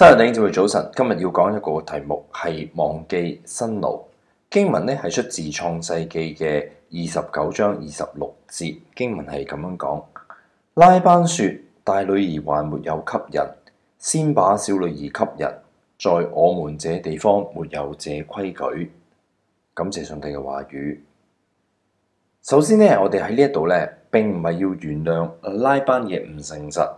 親愛的弟兄姊妹，早晨，今日要講一個題目係忘記辛勞。經文呢係出自創世記嘅二十九章二十六節，經文係咁樣講：拉班說，大女兒還沒有給人，先把小女兒給人。在我們這地方沒有這規矩。感謝上帝嘅話語。首先呢，我哋喺呢一度呢，並唔係要原諒拉班嘅唔誠實。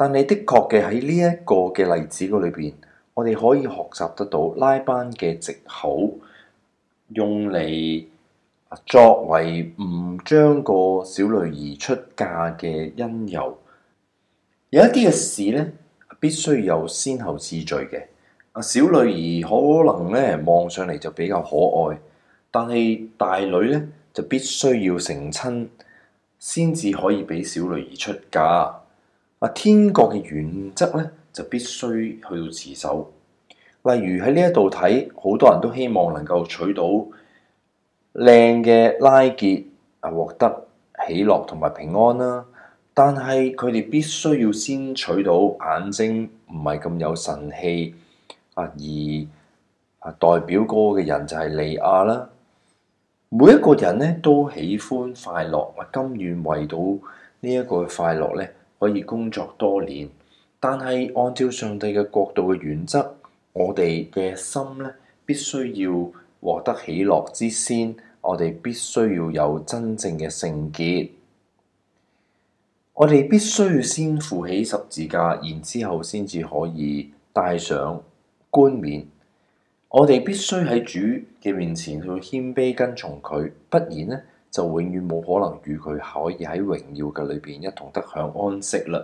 但你的確嘅喺呢一個嘅例子嗰裏邊，我哋可以學習得到拉班嘅藉口，用嚟作為唔將個小女兒出嫁嘅因由。有一啲嘅事呢，必須有先後次序嘅。啊，小女兒可能呢望上嚟就比較可愛，但係大女呢，就必須要成親，先至可以俾小女兒出嫁。天國嘅原則咧，就必須去到持守。例如喺呢一度睇，好多人都希望能夠取到靚嘅拉結啊，獲得喜樂同埋平安啦。但係佢哋必須要先取到眼睛唔係咁有神氣啊，而代表嗰個嘅人就係利亞啦。每一個人咧都喜歡快樂，甘願為到呢一個快樂咧。可以工作多年，但係按照上帝嘅國度嘅原則，我哋嘅心咧必須要獲得喜樂之先，我哋必須要有真正嘅聖潔，我哋必須要先負起十字架，然之後先至可以戴上冠冕。我哋必須喺主嘅面前去謙卑跟從佢，不然咧。就永遠冇可能與佢可以喺榮耀嘅裏邊一同得享安息嘞。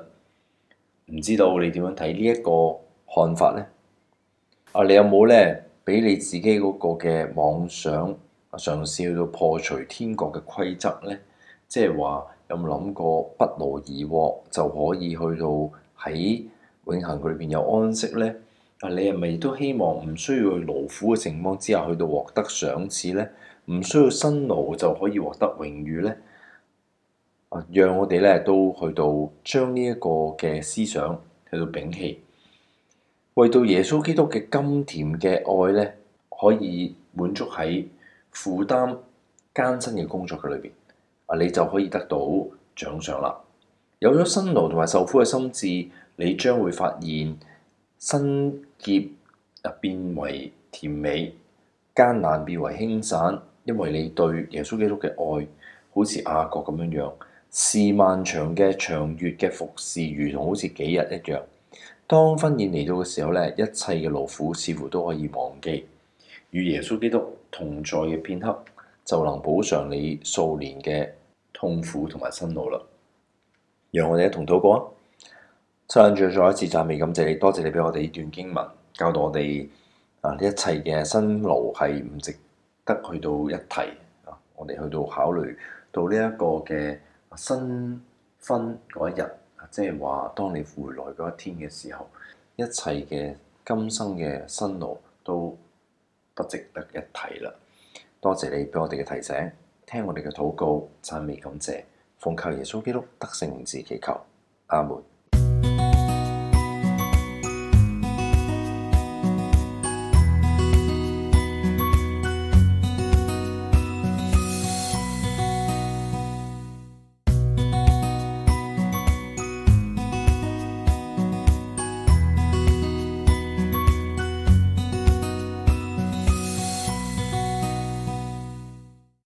唔知道你點樣睇呢一個看法呢？啊，你有冇呢？俾你自己嗰個嘅妄想嘗試去到破除天國嘅規則呢？即係話有冇諗過不勞而獲就可以去到喺永恆裏邊有安息呢？啊，你係咪都希望唔需要去勞苦嘅情況之下去到獲得賞賜呢？唔需要辛勞就可以獲得榮譽咧，啊，讓我哋咧都去到將呢一個嘅思想去到摒棄，為到耶穌基督嘅甘甜嘅愛咧，可以滿足喺負擔艱辛嘅工作嘅裏邊，啊，你就可以得到獎賞啦。有咗辛勞同埋受苦嘅心志，你將會發現辛澀啊變為甜美，艱難變為輕省。因為你對耶穌基督嘅愛，好似雅各咁樣樣，是漫長嘅、長月嘅服侍，如同好似幾日一樣。當婚宴嚟到嘅時候咧，一切嘅勞苦似乎都可以忘記。與耶穌基督同在嘅片刻，就能補償你數年嘅痛苦同埋辛勞啦。讓我哋一同禱告啊！趁住再一次讚美感謝你，多謝你俾我哋呢段經文，教導我哋啊，呢一切嘅辛勞係唔值。得去到一提啊！我哋去到考慮到呢一個嘅新婚嗰一日，即係話當你回來嗰一天嘅時候，一切嘅今生嘅辛勞都不值得一提啦。多謝你俾我哋嘅提醒，聽我哋嘅禱告，讚美感謝，奉靠耶穌基督得勝名字祈求，阿門。